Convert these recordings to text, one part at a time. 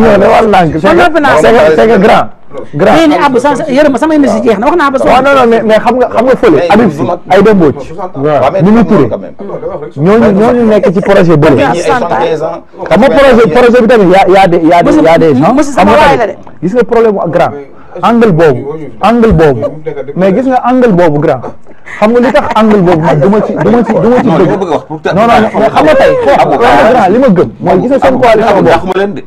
ñoo ne wàllu ndànk c'est que grand grand léegi Abou sa yërëm sama émission jeex na wax naa ba soo non non mais xam nga xam nga fële Habib Sy ay mu turé ñooñu nekk ci projet bële xam nga projet projet bi tamit y a des y a des y a des gens xam nga gis nga problème mu grand angle boobu angle boobu mais gis nga angle boobu grand xam nga li angle boobu ma ci ci du ci dëgg non non xam nga tey li ma gëm mooy gis nga seen coalition boobu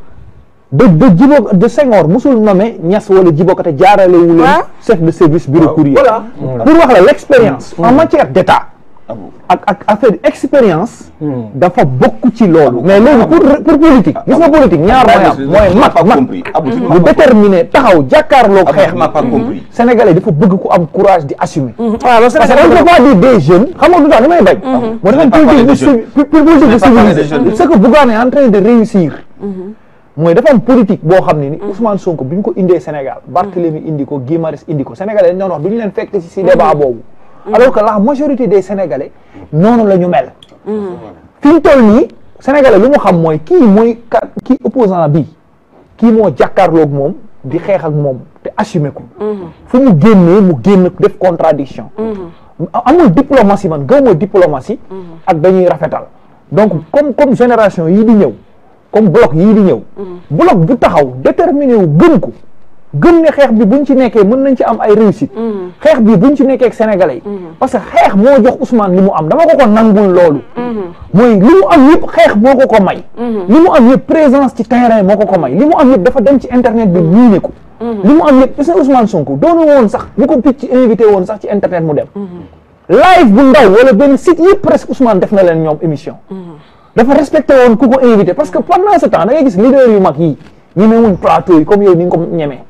de Senghor musul nommé Niass wala Djibo Kata jaarale wu leen chef de service bureau courrier pour wax la l' expérience en matière d' état ak ak affaire expérience hmm. dafa bokk ci loolu hmm. mais léegi pour pour politique gis nga politique ñaar mooy am mooy mag mag bu déterminé taxaw jàkkaarloo xeex hmm. sénégalais dafa bëgg ku am courage di assumer parce que on ne peut pas dire des jeunes xam nga du tax ni may bañ moo tax politique de politique de civilisation ce que Bougane en train de réussir mooy dafa am politique boo xam ne ni mm-hmm. Ousmane Sonko bi ñu ko indee Sénégal mm-hmm. Barthélemy indi ko Guy Marius indi ko Sénégalais ñoo wax du ñu leen fekk si si débat mm-hmm. boobu alors que la majorité des Sénégalais noonu la ñu mel fi ñu toll nii Sénégalais lu mu xam mooy kii mooy ka kii opposant bi kii moo jàkkaarloog moom di xeex ak moom te assumer ko fu mu génnee mu génn def contradiction amul diplomatie man gëw ma diplomatie ak dañuy rafetal donc comme comme génération yi di ñëw comme bloc yii di ñëw mm-hmm. bloc bu taxaw déterminé wu gëm ko gëm ne xeex bi buñ ci nekkee mën nañ ci am ay réussite mm-hmm. xeex bi buñ ci nekkee ak sénégalais yi mm-hmm. parce que xeex moo jox Ousmane li mu am dama ko ko nangul loolu mooy li mu am yëpp xeex moo ko ko may li mu am yëpp présence ci terrain moo ko ko may li mu am yëpp dafa dem ci internet bi miine ko li mu am yëpp parce que Ousmane Sonko doonu woon sax bu ko picc invité woon sax ci internet mu dem live bu ndaw wala benn site yëpp def na leen ñoom émission dafa respecté woon ku ko invité parce que pendant ce temps da gis leader yu mag yi ñeme wuñ plateau yi comme yow ni ko ñemee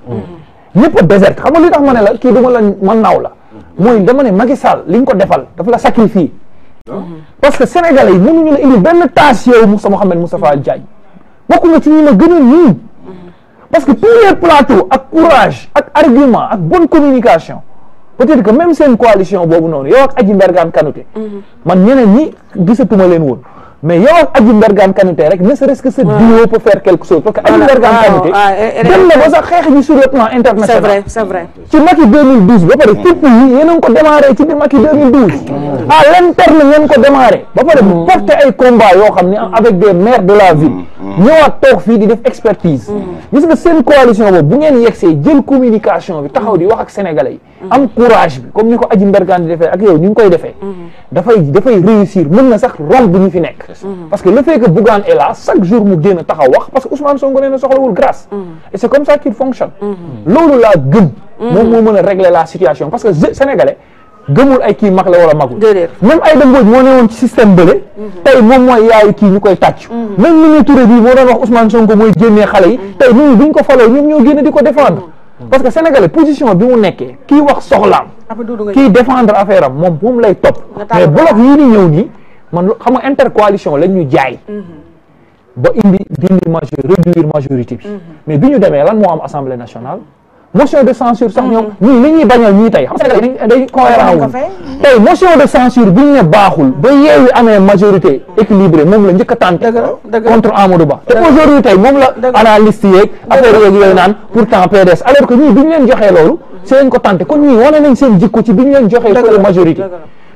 ñëpp a désert xam nga li tax ma ne la kii duma la man naa la mooy dama ne Macky Sall li nga ko defal dafa la sacrifié parce que sénégalais yi ñu la indi benn tâche yow Moussa Mouhamed Moustapha Diagne bokk nga ci ñi la gën a nii parce que tous les plateaux ak courage ak argument ak bonne communication peut-être que même seen coalition boobu noonu yow ak Adji Mbergane Kanouté mm-hmm. man ñeneen ñi gisatuma leen woon mais yow ak Adji Mbergane Kanouté rek ne serait-ce que ce duo peut faire quelque chose parce que Adji Mbergane ah, Kanouté ah, na ba sax xeex ñu sur le plan international c'est vrai c'est vrai ci Macky ba pare fippu yi yéen ko démarré ci biir Macky 2012 mm. à l'interne ngeen ko démarré ba pare bu mm. porté ay combat yoo xam ne avec des maires de la ville mm. ñëwaat toog fii di def expertise gis nga seen coalition boobu bu ngeen yegsee jël communication bi taxaw di wax ak sénégal yi Mm-hmm. am courage bi comme ni ko aji mbergaan di defee ak yow ni ngi koy defee mm-hmm. dafay dafay réussir mën na sax romb ñu fi nekk mm-hmm. parce que le fait que Bougane est là chaque jour mu génn taxaw parce que Ousmane Sonko nee na soxlawul grâce et c'est comme ça qu'il fonctionne loolu laa gëm moom moo mën a régler la situation parce que sénégalais gëmul ay kii mag la wala magul même ay dëmbooj moo ne woon ci système bële tey moom mooy yaayu kii ñu koy tàcc même Mimi Touré bii moo doon xale yi ñu ko faloo ñoom di ko défendre Mm. parce que sénégalais position bi mu nekkee kii wax soxlaam kii défendre affaire am moom moom lay topp mais bloc yii ni ñëw nii man xam nga intercoalition lañ ñu jaay mm-hmm. ba indi dindi majorité réduire majorité bi mm-hmm. mais bi ñu demee lan moo am assemblée nationale motion de censure sax ñoom mm-hmm. ñii li ñuy bañal ñii tey motion de censure bi ñu ne baaxul ba yeewi amee majorité équilibrée moom la njëkk a tànte contre Amadou Ba te aujourd'hui tey moom la analyste yeeg affaire yeeg yooyu naan pourtant PDS alors que ñii bi ñu leen joxee loolu si lañ ko tànte kon ñii wane nañ seen jikko ci bi ñu leen joxee ko majorité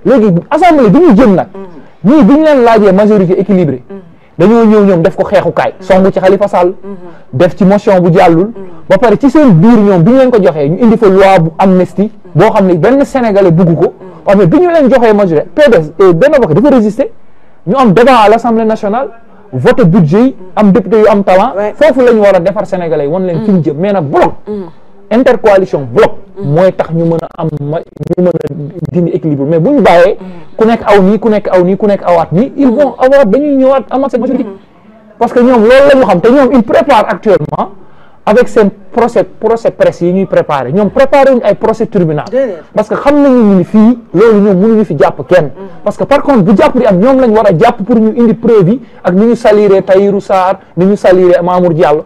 léegi assemblée bi ñu jëm nag ñii bi ñu leen laajee majorité équilibrée mm. dañoo ñëw ñoom def ko xeexukaay mm-hmm. song ci Khalifa Sall mm-hmm. def ci motion bu jàllul mm-hmm. ba pare ci seen biir ñoom bi ñu leen ko joxee ñu indi fa loi bu amnistie boo xam ne benn sénégalais bugg ko parce que bi ñu leen joxee majorité PDS euh, Benno Bokk dafa résister ñu am débat à l'Assemblée nationale vote budget yi am député yu am talent foofu la ñu war a defar sénégalais yi wan leen fi ñu mm. jëm mais nag bloc mm. intercoalition bloc mm. mooy tax ñu mën a am ñu mën a dindi ku nekk aw nii ku nekk aw nii ku nekk awaat nii ils vont avoir dañuy ñëwaat amaat mm-hmm. parce que ñoom loolu la ñu xam te ñoom ils préparent actuellement avec seen procès procès presse yi ñuy préparé ñoom préparé wuñ ay procès tribunal parce que xam na ñu ni fii loolu ñoom mënuñu fi jàpp kenn mm-hmm. parce que par contre bu jàpp di am ñoom lañ war a jàpp pour ñu indi preuve yi ak ni ñu saliré Tahirou Sarr ni ñu saliré Mamour Diallo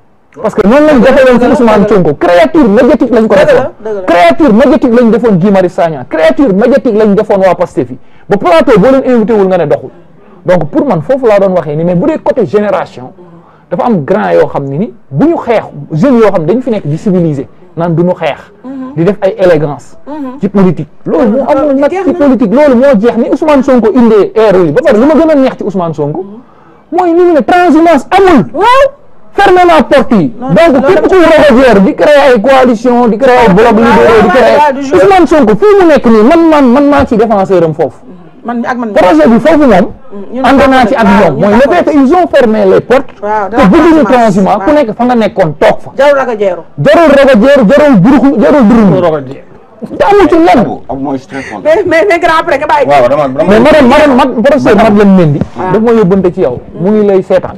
parce que noonu lañ defee woon si Ousmane Sonko créature médiatique lañ ko defoon créature defoon Guy Marius Sagna créature médiatique lañ defoon waa Pastef yi ba plateau boo leen invité nga ne doxul donc pour man foofu laa doon waxee ni mais bu yoo xam ñu xeex jeunes yoo xam dañ fi nekk di civiliser naan du ñu xeex mhm. di def ay élégance mhm. ci politique loolu moo amul nag ci politique loolu moo jeex ni Ousmane Sonko indee erreur yi ba pare lu ma gën a neex ci Ousmane Sonko mhm. mooy ni mu ne transhumance amul fermer la porte yi donc képp kuy rogosière di créer ay coalition di créer ay bloc libéraux di créer Ousmane Sonko fii mu nekk nii man man man maa ci défenseur am foofu mm-hmm. projet bi foofu moom mm-hmm. ànd naa ci ak ñoom mooy le fait que ils ont fermé les portes te bëgguñu transhumant ku nekk fa nga nekkoon toog fa jarul rogosière jarul buruxu jarul duruñu te amul ci lenn mais mais grand après nga bàyyi mais madame madame yóbbante ci yow mu ngi lay seetaan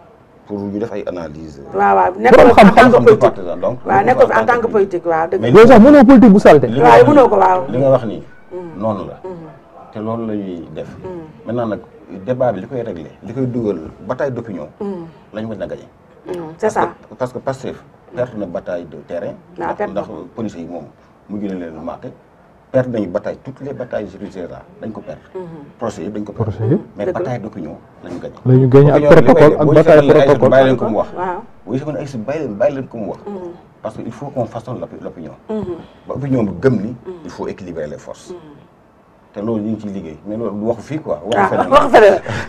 pour ñu def ay analyse waaw waaw nekkul xam-xam de parti la donc waaw nekkul en tant que politique waaw dëgg mais déjà politique bu salte waaw mënoo ko waaw li nga wax nii mm. noonu la mm. te loolu la ñuy def mm. maintenant nag débat bi li koy réglé li koy dugal bataille d'opinion la ñu mën na gagné parce que Pastef perte na bataille de terrain ah, ndax police yi moom mujj na leen marqué perte nañu bataille toutes les batailles judiciaires dañ ko perte. Mhm. procès yëpp dañ ko perte. mais bataille d'opinion lañu gagné. lañu gagné ak protocole ak ko mu wax. waaw bu ñu wax. Mhm. parce que il faut qu'on façonne l'opinion. Mhm. ba opinion bi gëm ni. il faut équilibrer les forces. te loolu ñu ngi ciy liggéey mais loolu fii quoi. waxu ah, feneen